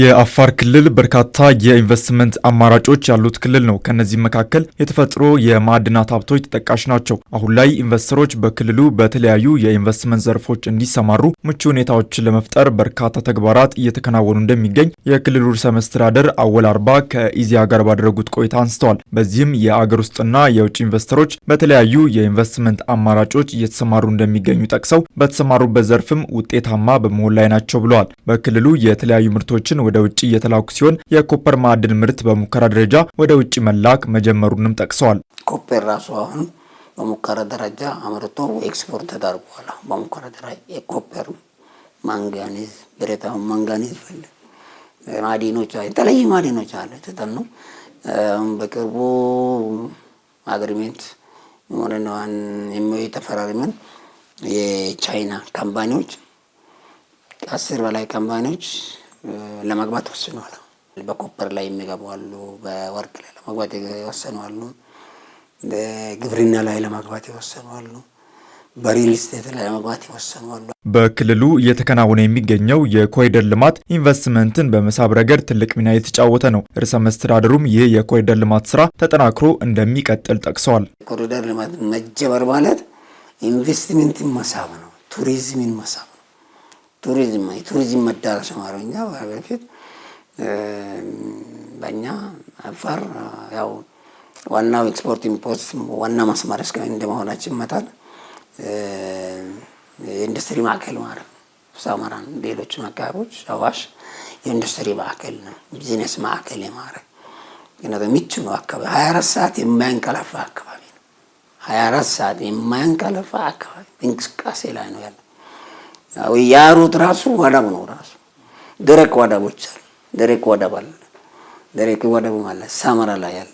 የአፋር ክልል በርካታ የኢንቨስትመንት አማራጮች ያሉት ክልል ነው። ከነዚህ መካከል የተፈጥሮ የማዕድናት ሀብቶች ተጠቃሽ ናቸው። አሁን ላይ ኢንቨስተሮች በክልሉ በተለያዩ የኢንቨስትመንት ዘርፎች እንዲሰማሩ ምቹ ሁኔታዎችን ለመፍጠር በርካታ ተግባራት እየተከናወኑ እንደሚገኝ የክልሉ ርዕሰ መስተዳደር አወል አርባ ከኢዚያ ጋር ባደረጉት ቆይታ አንስተዋል። በዚህም የአገር ውስጥና የውጭ ኢንቨስተሮች በተለያዩ የኢንቨስትመንት አማራጮች እየተሰማሩ እንደሚገኙ ጠቅሰው በተሰማሩበት ዘርፍም ውጤታማ በመሆን ላይ ናቸው ብለዋል። በክልሉ የተለያዩ ምርቶችን ወደ ውጭ እየተላኩ ሲሆን የኮፐር ማዕድን ምርት በሙከራ ደረጃ ወደ ውጭ መላክ መጀመሩንም ጠቅሰዋል። ኮፐር ራሱ አሁን በሙከራ ደረጃ አምርቶ ኤክስፖርት ተዳርጓል። በሙከራ ደረጃ የኮፐር ማንጋኒዝ ብረታው ማንጋኒዝ ይፈልግ ማዲኖች የተለያዩ ማዲኖች አለ ተጠኑ በቅርቡ አግሪሜንት ሆነነዋን የሚወይ ተፈራሪምን የቻይና ካምፓኒዎች ከአስር በላይ ካምፓኒዎች ለመግባት ወስነዋል። በኮፐር ላይ የሚገቡ አሉ፣ በወርቅ ላይ ለመግባት የወሰኑ አሉ፣ ግብርና ላይ ለመግባት የወሰኑ አሉ በሪል ስቴት ላይ ለመግባት አሉ። በክልሉ እየተከናወነ የሚገኘው የኮሪደር ልማት ኢንቨስትመንትን በመሳብ ረገድ ትልቅ ሚና የተጫወተ ነው። ርዕሰ መስተዳድሩም ይህ የኮሪደር ልማት ስራ ተጠናክሮ እንደሚቀጥል ጠቅሰዋል። ኮሪደር ልማት መጀመር ማለት ኢንቨስትመንትን መሳብ ነው፣ ቱሪዝምን መሳብ ቱሪዝም የቱሪዝም መዳረሻ አማርኛ በፊት በእኛ አፋር ያው ዋናው ኤክስፖርት ኢምፖርት ዋና ማስማር እስከ እንደመሆናችን መጠን የኢንዱስትሪ ማዕከል ማለት ሳማራን፣ ሌሎች አካባቢዎች አዋሽ የኢንዱስትሪ ማዕከል ነው፣ ቢዝነስ ማዕከል የማድረግ ምክንያቱም ምቹ ነው አካባቢ ሀያ አራት ሰዓት የማያንቀላፋ አካባቢ ነው። ሀያ አራት ሰዓት የማያንቀላፋ አካባቢ እንቅስቃሴ ላይ ነው ያለ ያሩት ራሱ ወደብ ነው። ራሱ ደረቅ ወደቦች አለ፣ ደረቅ ወደብ አለ። ደረቅ ወደብ ማለት ሳመራ ላይ አለ።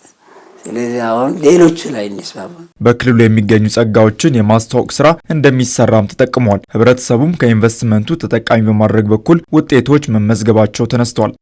ስለዚህ አሁን ሌሎች ላይ እንስባባ። በክልሉ የሚገኙ ጸጋዎችን የማስተዋወቅ ስራ እንደሚሰራም ተጠቅመዋል። ህብረተሰቡም ከኢንቨስትመንቱ ተጠቃሚ በማድረግ በኩል ውጤቶች መመዝገባቸው ተነስተዋል።